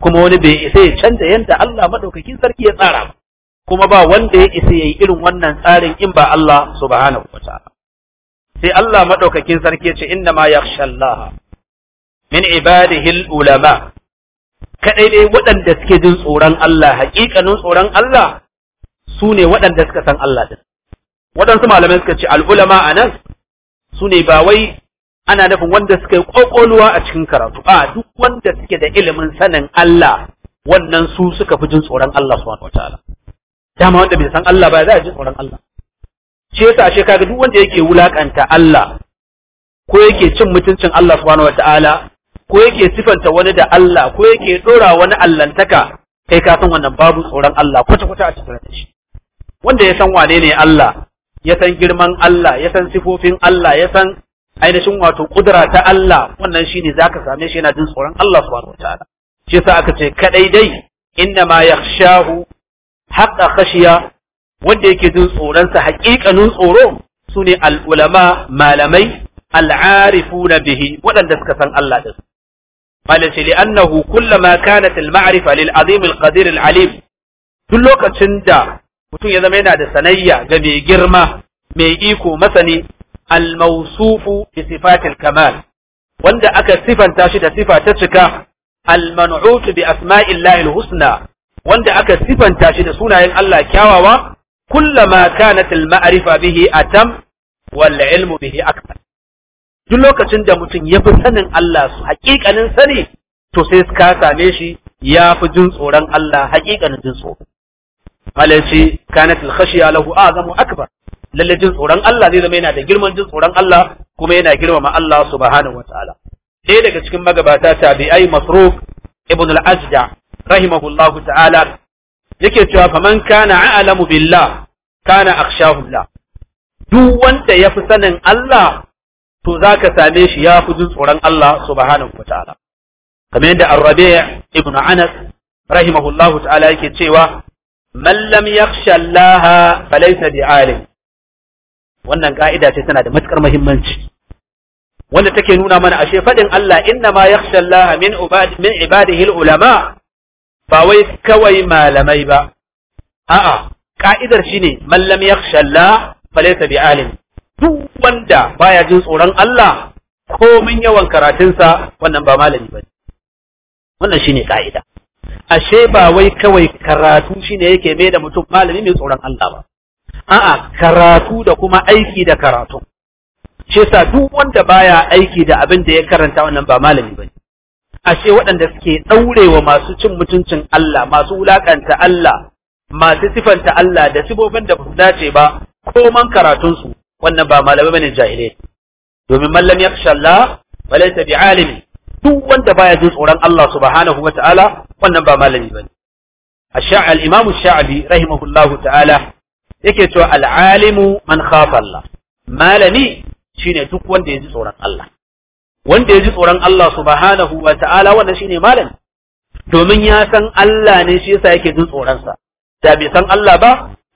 kuma wani bai isa ya canza yanda Allah madaukakin sarki ya tsara ba kuma ba wanda ya isa yayi irin wannan tsarin in ba Allah subhanahu wataala sai Allah madaukakin sarki ya ce inna ma yakhshallaha min ibadihi ulama kadai dai waɗanda suke jin tsoron Allah haƙiƙanin tsoron Allah su ne waɗanda suka san Allah din waɗansu malamai suka ce al'ulama a nan su ne ba wai ana nufin wanda suka yi ƙwaƙwalwa a cikin karatu a duk wanda suke da ilimin sanin Allah wannan su suka fi jin tsoron Allah subhanahu wataala dama wanda bai san Allah ba za a ji tsoron Allah shi ka ashe kaga duk wanda yake wulakanta Allah ko yake cin mutuncin Allah subhanahu wataala ko yake sifanta wani da Allah ko yake dora wani allantaka kai ka san wannan babu tsoron Allah kwata kwata a cikin shi wanda ya san wane ne Allah ya san girman Allah ya san sifofin Allah ya san ainihin wato kudura ta Allah wannan shine zaka same shi yana jin tsoron Allah subhanahu wataala shi yasa aka ce kadai dai inna ma yakhshahu haqqa khashiya wanda yake jin tsoron sa haƙiƙanin tsoro sune al ulama malamai al arifuna bihi waɗanda suka san Allah din malai ce li'annahu kullama kanat al ma'rifa lil azim al qadir al alim duk lokacin da mutum ya zama yana da sanayya ga mai girma mai iko masani al-mawsufu bi sifatil kamal wanda aka sifanta shi da sifa ta cika al bi asma'illahi husna wanda aka sifanta shi da sunayen Allah kyawawa kullama kanat al bihi atam wal ilmu bihi akbar duk lokacin da mutum ya fi sanin Allah su hakikanin sani to sai ka same shi ya fi jin tsoron Allah hakikanin jin tsoro malaci kanat al lahu azamu akbar lalle jin tsoron Allah zai zama yana da girman jin tsoron Allah kuma yana girmama Allah subhanahu wataala ɗaya daga cikin magabata tabi'ai masruf ibn al-ajda rahimahullahu ta'ala yake cewa faman kana a'lamu billah kana akhshahu Allah duk wanda yafi sanin Allah to zaka same shi ya fi jin tsoron Allah subhanahu wataala kamar yadda ar-rabi' ibn anas rahimahullahu ta'ala yake cewa man lam yakhsha Allah falaysa bi'alim wannan ka'ida ce tana da matukar muhimmanci wanda take nuna mana ashe fadin Allah inna ma yakhsha Allah min ubad min ibadihi ulama ba wai kawai malamai ba a'a ka'idar shine man lam yakhsha Allah falaysa bi alim duk wanda baya jin tsoron Allah min yawan karatunsa wannan ba malami ba. wannan shine ka'ida ashe ba wai kawai karatu shine yake mai da mutum malami mai tsoron Allah ba a'a karatu da kuma aiki da karatu shi yasa duk wanda baya aiki da abin da ya karanta wannan ba malami bane ashe waɗanda suke ɗaurewa masu cin mutuncin Allah masu wulakanta Allah masu sifanta Allah da sibobin da ba dace ba koman karatunsu wannan ba malami bane jahilai domin mallam ya kashe Allah falaysa bi alimi duk wanda baya jin tsoron Allah subhanahu wa ta'ala wannan ba malami bane ash-sha'a al-imam ash-sha'bi rahimahullahu ta'ala yake cewa al'alimu man khafa Allah malami ne duk wanda ya ji tsoron Allah wanda ya ji tsoron Allah subhanahu wa ta'ala shi ne malami domin ya san Allah ne shi yasa yake jin tsoron sa da bai san Allah ba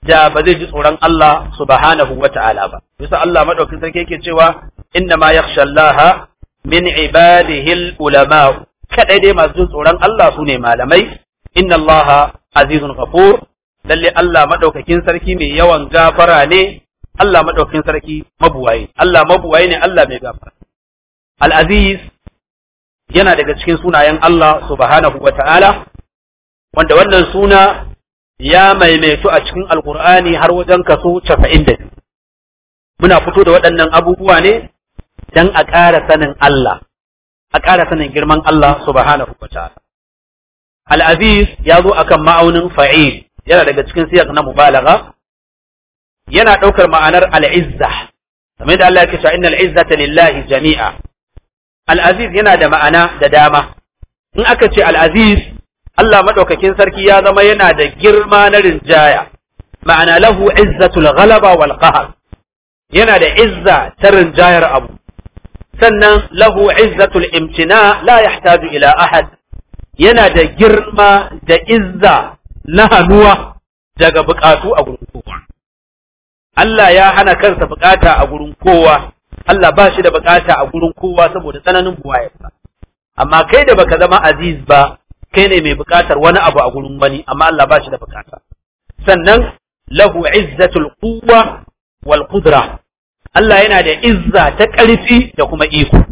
da ba zai ji tsoron Allah subhanahu wa ta'ala ba bisa Allah madaukakin sarki yake cewa inna ma yakhsha Allah min ibadihi ulama kadai dai masu jin tsoron Allah sune malamai inna Allah azizun ghafur lalle Allah madaukakin sarki mai yawan gafara ne Allah madaukakin sarki mabuwaye Allah mabuwaye ne Allah mai gafara al yana daga cikin sunayen Allah subhanahu ta'ala, wanda wannan suna ya maimaitu a cikin alkur'ani har wajen kaso 90 muna fito da waɗannan abubuwa ne don a ƙara sanin Allah a ƙara sanin girman Allah subhanahu wata'ala al-aziz ya zo akan ma'aunin fa'il yana daga cikin siyak na mubalagha yana ɗaukar ma'anar al-izza kamar da Allah yake cewa innal izzata lillahi jami'a alaziz yana da ma'ana da dama in aka ce al'aziz Allah madaukakin sarki ya zama yana da girma na rinjaya ma'ana lahu izzatul ghalaba wal qahr yana da izza ta rinjayar abu sannan lahu izzatul imtina la yahtaju ila ahad yana da girma da izza na hannuwa daga bukatu a gurin kowa Allah ya hana kansa bukata a gurin kowa Allah ba shi da bukata a gurin kowa saboda tsananin buwayarsa amma kai da baka zama aziz ba kai ne mai bukatar wani abu a gurin wani amma Allah ba shi da bukata sannan lahu izzatul kuwa, wal kudura. Allah yana da izza ta ƙarfi da kuma iko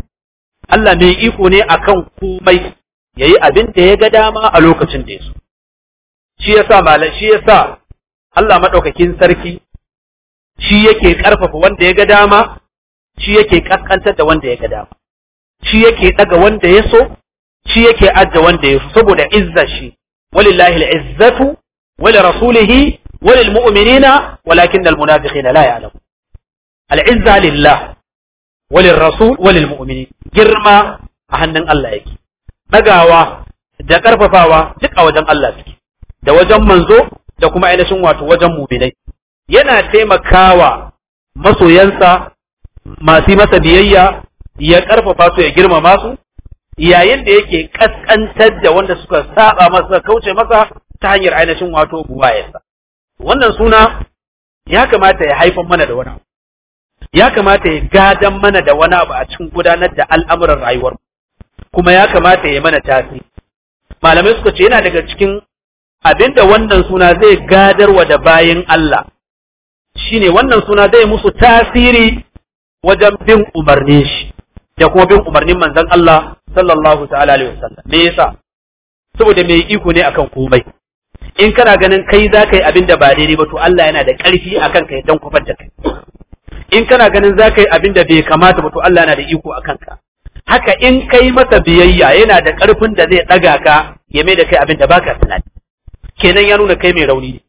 Allah mai iko ne akan komai ya yi abin da ya ga dama a lokacin da ya so shi sa malam shi yasa Allah maɗaukakin sarki shi yake ƙarfafa wanda ya ga dama shi yake kaskantar da wanda ya ga dama shi yake ɗaga wanda ya so shi yake ajja wanda ya so saboda izza shi walillahi al-izzatu wa li rasulihi wa mu'minina walakin al munafiqina la ya'lamun al-izza lillah wa rasul wa mu'minin girma a hannun Allah yake dagawa da ƙarfafawa duk a wajen Allah suke da wajen manzo da kuma ainihin wato wajen muminai yana taimakawa masoyansa masu masa biyayya ya karfafa su ya girmama su yayin da yake kaskantar da wanda suka saba masa kauce masa ta hanyar ainihin wato buwayarsa wannan suna ya kamata ya haifan mana da wani abu ya kamata ya gadan mana da wani abu a cikin gudanar da al'amuran rayuwar kuma ya kamata ya mana tasiri malamai suka ce yana daga cikin abinda wannan suna zai gadarwa da bayan Allah shine wannan suna zai musu tasiri wajen bin umarnin shi da kuma bin umarnin manzon Allah sallallahu ta'ala alaihi wasallam me yasa saboda mai iko ne akan komai in kana ganin kai za ka yi abin da ba daidai ba to Allah yana da ƙarfi akan kai idan kufar da kai in kana ganin za ka yi abin da bai kamata ba to Allah yana da iko akan ka haka in kai masa biyayya yana da ƙarfin da zai ɗaga ka ya mai da kai abin da baka tunani kenan ya nuna kai mai rauni ne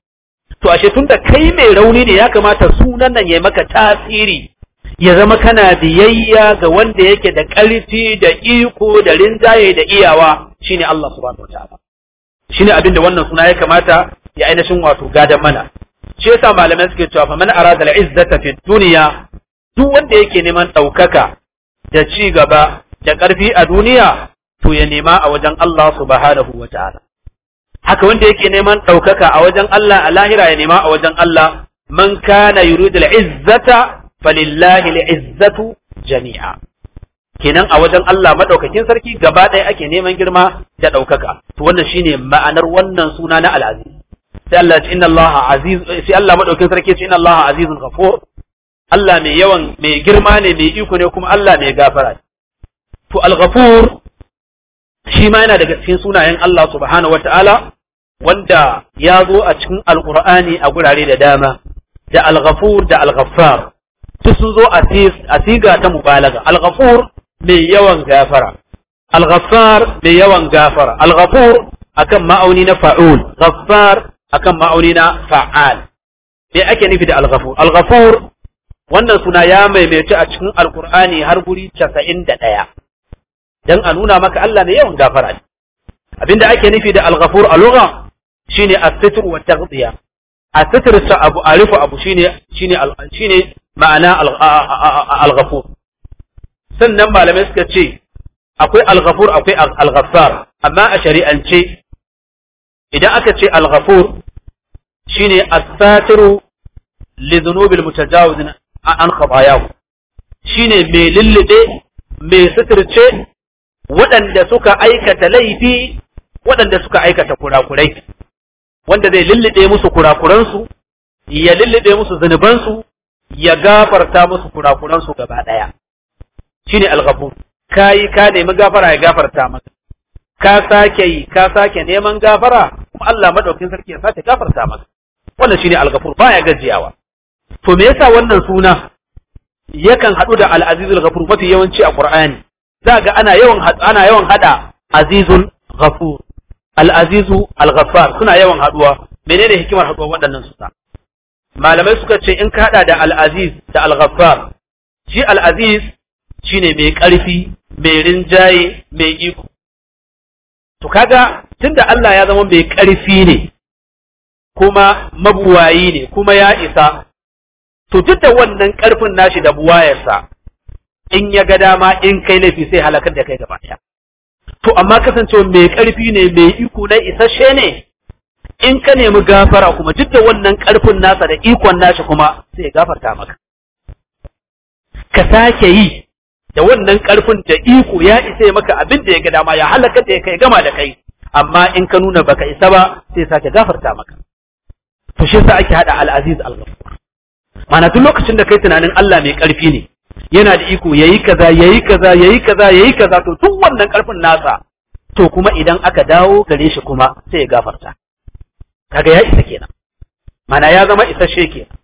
to ashe tunda kai mai rauni ne ya kamata sunan nan ya maka tasiri ya zama kana biyayya ga wanda yake da ƙarfi da iko da rinjaye da iyawa shine Allah subhanahu wataala shine abin da wannan suna ya kamata ya ainihin wato gadan mana shi yasa malamai suke cewa faman arada al-izzata fi dunya duk wanda yake neman ɗaukaka da ci gaba da ƙarfi a duniya to ya nema a wajen Allah subhanahu wataala haka wanda yake neman ɗaukaka a wajen Allah a lahira ya nema a wajen Allah man kana yuridul izzata falillahi al-izzatu jami'a kenan a wajen Allah madaukakin sarki gaba ɗaya ake neman girma da ɗaukaka to wannan shine ma'anar wannan suna na al-aziz sai Allah ce inna Allah aziz sai Allah madaukakin sarki ce inna Allah azizun ghafur Allah mai yawan mai girma ne mai iko ne kuma Allah mai gafara to al-ghafur shi ma yana daga cikin sunayen Allah subhanahu wata'ala wanda ya zo a cikin Alƙur'ani a gurare da dama da alghafur da alghaffar su sun zo a siga ta mubalaga alghafur mai yawan gafara alghaffar mai yawan gafara alghafur akan ma'auni na fa'ul ghaffar akan ma'auni na fa'al me ake nufi da alghafur alghafur wannan suna ya maimaitu a cikin alkur'ani har guri 91 dan a nuna maka Allah mai yawan gafara abinda ake nufi da alghafur a lugha shine as-sitr wa taghdiya as-sitr sa abu arifu abu shine shine shine ma'ana al-ghafur sannan malamai suka ce akwai al-ghafur akwai al-ghaffar amma a shari'ance idan aka ce al-ghafur shine as-satiru li dhunubil mutajawizin an khatayahu shine mai lullube mai sitirce, waɗanda suka aikata laifi waɗanda suka aikata kurakurai wanda zai lullube musu kurakuransu ya lullube musu zunubansu ya gafarta musu kurakuransu gaba daya shine al-ghafur kai ka nemi gafara ya gafarta maka ka sake yi ka sake neman gafara kuma Allah madaukin sarki ya sake gafarta maka wannan shine al-ghafur baya gajiyawa to me yasa wannan suna yakan hadu da al-azizul ghafur mafi yawanci a Qur'ani za ga ana yawan ana yawan hada azizul ghafur al'azizu azizu suna yawan haɗuwa. menene hikimar haɗuwar waɗannan suna malamai suka ce in ka haɗa da al da al shi al shi ne mai ƙarfi mai rinjaye mai iko to kaga tunda Allah ya zama mai ƙarfi ne kuma mabuwayi ne kuma ya isa to duk da wannan ƙarfin nashi da buwayarsa in ya ga dama in kai laifi sai halakar da kai gaba ɗaya to amma kasancewa mai ƙarfi ne mai iko na isasshe ne in ka nemi gafara kuma duk da wannan ƙarfin nasa da ikon nashi kuma sai gafarta maka ka sake yi da wannan ƙarfin da iko ya isa maka abin da ya ga dama ya halaka da ya kai gama da kai amma in ka nuna baka isa ba sai sake gafarta maka to shi sa ake hada al-aziz al-ghafur ma'ana duk lokacin da kai tunanin Allah mai ƙarfi ne yana da iko yayi kaza yayi kaza yayi kaza yayi kaza to tun wannan karfin nasa to kuma idan aka dawo gare shi kuma sai ya gafarta kaga ya isa kenan mana ya zama isasshe kenan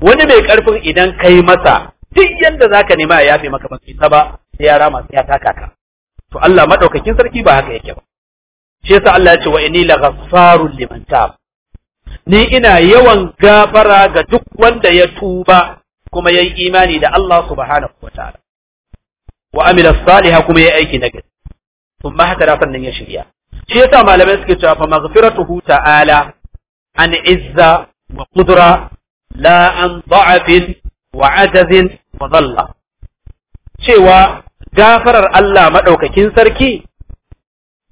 wani mai karfin idan kai masa duk yanda zaka nema ya yafe maka ba isa ba sai ya rama sai ya taka ka to Allah madaukakin sarki ba haka yake ba shi yasa Allah ya ce wa inni laghfarul liman tab ni ina yawan gafara ga duk wanda ya tuba kuma ya yi imani da Allah subhanahu wataala wa amila saliha kuma yayi aiki nagari thumma hada sannan ya shirya shi yasa malamai suke cewa fa maghfiratuhu ta'ala an izza wa qudra la an da'afin wa ajazin wa cewa gafarar Allah maɗaukakin sarki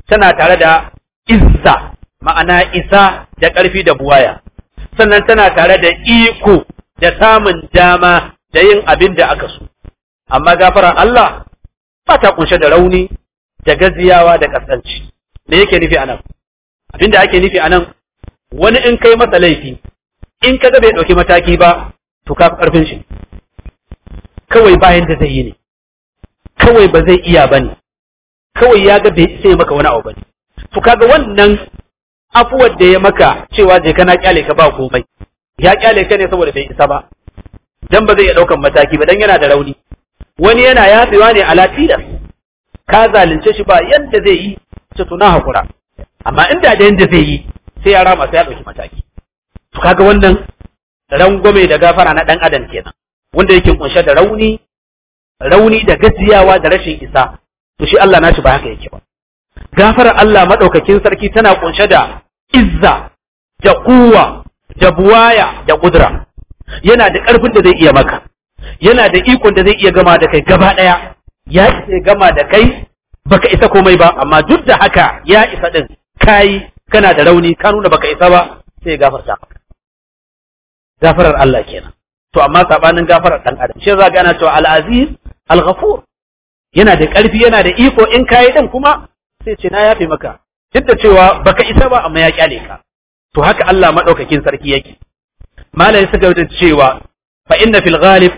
tana tare da izza ma'ana isa da ƙarfi da buwaya sannan tana tare da iko da samun dama da yin abin da aka so amma gafara Allah ba ta kunshe da rauni da gaziyawa da ƙasanci me yake nufi anan abin da ake nufi anan wani in kai masa laifi in ka zabe bai ɗauki mataki ba to ka ƙarfin shi kawai bayan da zai yi ne kawai ba zai iya bane kawai ya ga bai sai maka wani abu bane to kaga wannan afuwar da ya maka cewa je kana kyale ka ba komai ya kyale ka ne saboda bai isa ba dan ba zai iya daukan mataki ba dan yana da rauni wani yana yatsewa ne ala tilas ka zalunce shi ba yanda zai yi ce tuna hakura amma inda da yanda zai yi sai ya rama sai ya dauki mataki to kaga wannan rangwame da gafara na dan adam kenan wanda yake kunshe da rauni rauni da gajiyawa da rashin isa to shi Allah nashi ba haka yake ba Gafara Allah madaukakin sarki tana kunshe da izza da kuwa da buwaya da kudura yana da ƙarfin da zai iya maka yana da ikon da zai iya gama da kai gaba ɗaya ya isa gama da kai baka isa komai ba amma duk da haka ya isa din kai kana da rauni ka nuna baka isa ba sai ya gafarta gafarar Allah kenan to amma sabanin gafarar dan adam shi zaka ana cewa al-aziz al-ghafur yana da ƙarfi yana da iko in kai din kuma sai ce na yafe maka duk da cewa baka isa ba amma ya kyale ka to haka Allah maɗaukakin sarki yake Malami suka da cewa fa inna fil ghalib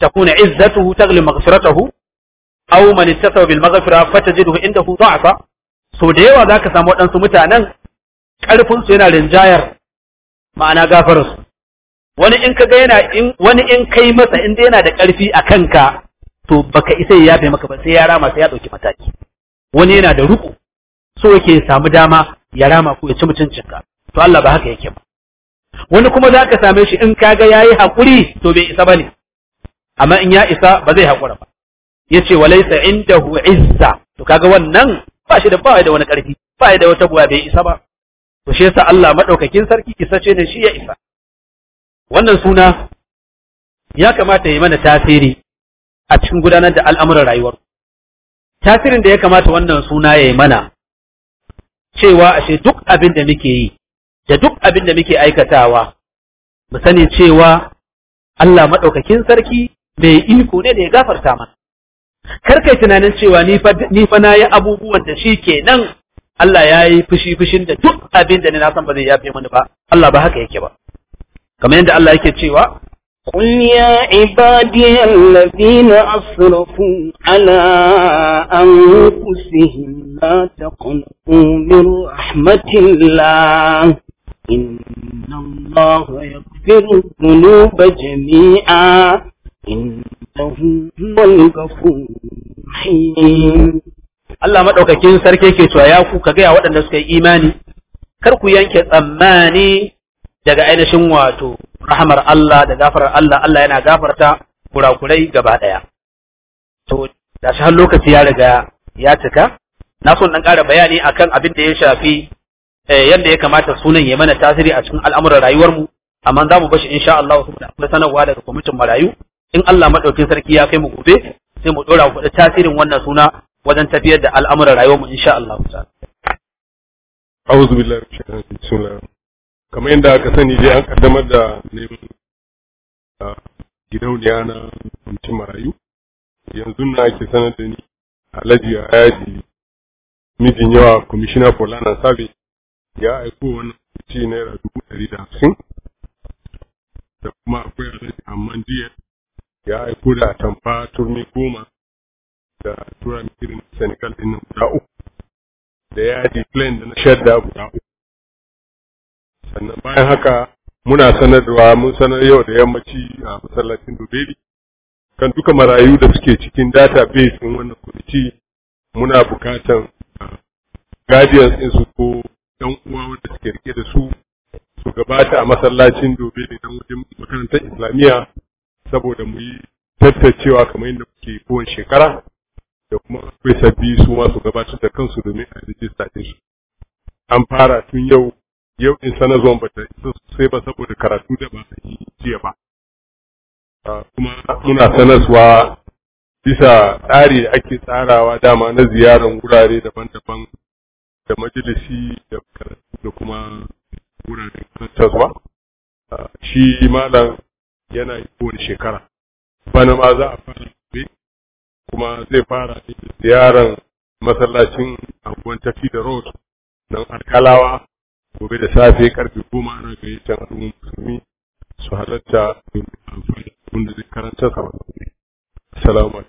takuna izzatuhu taghli maghfiratahu aw man ittasaw bil maghfira fatajiduhu indahu da'fa so da yawa zaka samu wadansu mutanen karfin su yana rinjayar ma'ana gafarar su wani in kaga yana in wani in kai masa inda yana da karfi a kanka to baka isa ya yafe maka ba sai ya rama sai ya dauki mataki wani yana da ruku so yake samu dama ya rama ko ya ci mutuncin ka to Allah ba haka yake ba wani kuma za ka same shi in kaga ya yi hakuri to bai isa ba ne. amma in ya isa ba zai hakura ba Ya ce walaisa inda hu izza to kaga wannan ba shi da bawai da wani ƙarfi ba da wata buwa bai isa ba to shi yasa Allah madaukakin sarki ce ne shi ya isa wannan suna ya kamata yi mana tasiri a cikin gudanar da al'amuran rayuwar tasirin da ya kamata wannan suna ya yi mana cewa ashe duk abin da muke yi da duk abin da muke aikatawa mu sani cewa Allah maɗaukakin sarki mai iko ne da ya gafarta mana kar tunanin cewa ni fa na yi abubuwan da shi ke nan, Allah ya yi fushi fushin da duk abin da ni na san ba zai yafe mani ba Allah ba haka yake ba kamar yadda Allah yake cewa قل يا عبادي الذين أسرفوا على أنفسهم لا تقنطوا من رحمة الله إن الله يغفر الذنوب جميعا إنه هو الغفور الرحيم Allah maɗaukakin sarki ke cewa ya ku ka gaya waɗanda suka yi imani, kar ku yanke tsammani daga ainihin wato rahamar Allah da gafarar Allah, Allah yana gafarta kurakurai gaba ɗaya. To, da shi har lokaci ya riga ya cika, na son ɗan ƙara bayani akan abin da ya shafi Eh, yadda ya kamata sunan ya mana tasiri a cikin al'amuran rayuwarmu amma za mu bashi insha Allah su akwai sanarwa daga kwamitin marayu in Allah madaukin sarki ya kai mu gobe sai mu dora kuɗi tasirin wannan suna wajen tafiyar da al'amuran rayuwarmu insha Allah ta'ala a'udhu billahi minash shaitanir bismillah kamar yadda aka sani dai an kaddamar da neman gidauniya na kwamitin marayu yanzu na ake sanar da ni Alhaji Ayaji mijin yawa Commissioner for Land and Service ya aiko wani ci naira dubu ɗari da hamsin da kuma akwai alhaji amman jiya ya aiko da tamfa turmi goma da tura mikirin senegal ɗin nan guda uku da yi plain da na shadda guda uku sannan bayan haka muna sanarwa mun sanar yau da yammaci a masallacin dubeli kan duka marayu da suke cikin database ɗin wannan kwamiti muna bukatan ah, guardians ɗin su ko yan uwa wanda suke rike da su su gabata a masallacin dobe da nan wajen makarantar islamiyya saboda mu yi tattacewa kamar yadda muke kowace shekara da kuma akwai sabbi su ma su gabatar da kansu domin a rijista ɗin su an fara tun yau yau in sana zuwan ba ta isa sosai ba saboda karatu da ba a yi jiya ba kuma muna sanarwa bisa tsari da ake tsarawa dama na ziyarar wurare daban-daban da majalisi da karatu da kuma wuraren karantarwa shi malam yana yi kowane shekara bana ma za a fara gobe kuma zai fara ziyarar masallacin abubuwan tafi da road nan alkalawa gobe da safe karfe goma ana gayyatar al'ummar musulmi su halatta domin amfani wanda zai karanta da wani assalamu alaikum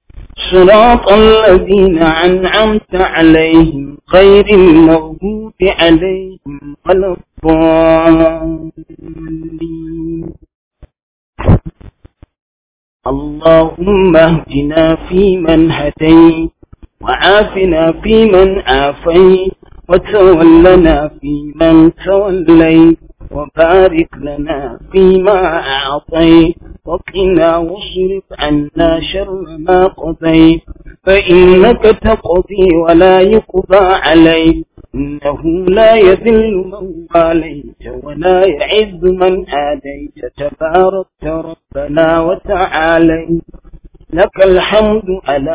صراط الذين أنعمت عليهم غير المغضوب عليهم ولا الضالين اللهم اهدنا فيمن هديت وعافنا فيمن عافيت وتولنا فيمن توليت وبارك لنا فيما أعطيت وقنا واصرف عنا شر ما قضيت فإنك تقضي ولا يقضى عليك إنه لا يذل من واليت ولا يعز من آديت تباركت ربنا وتعاليت لك الحمد على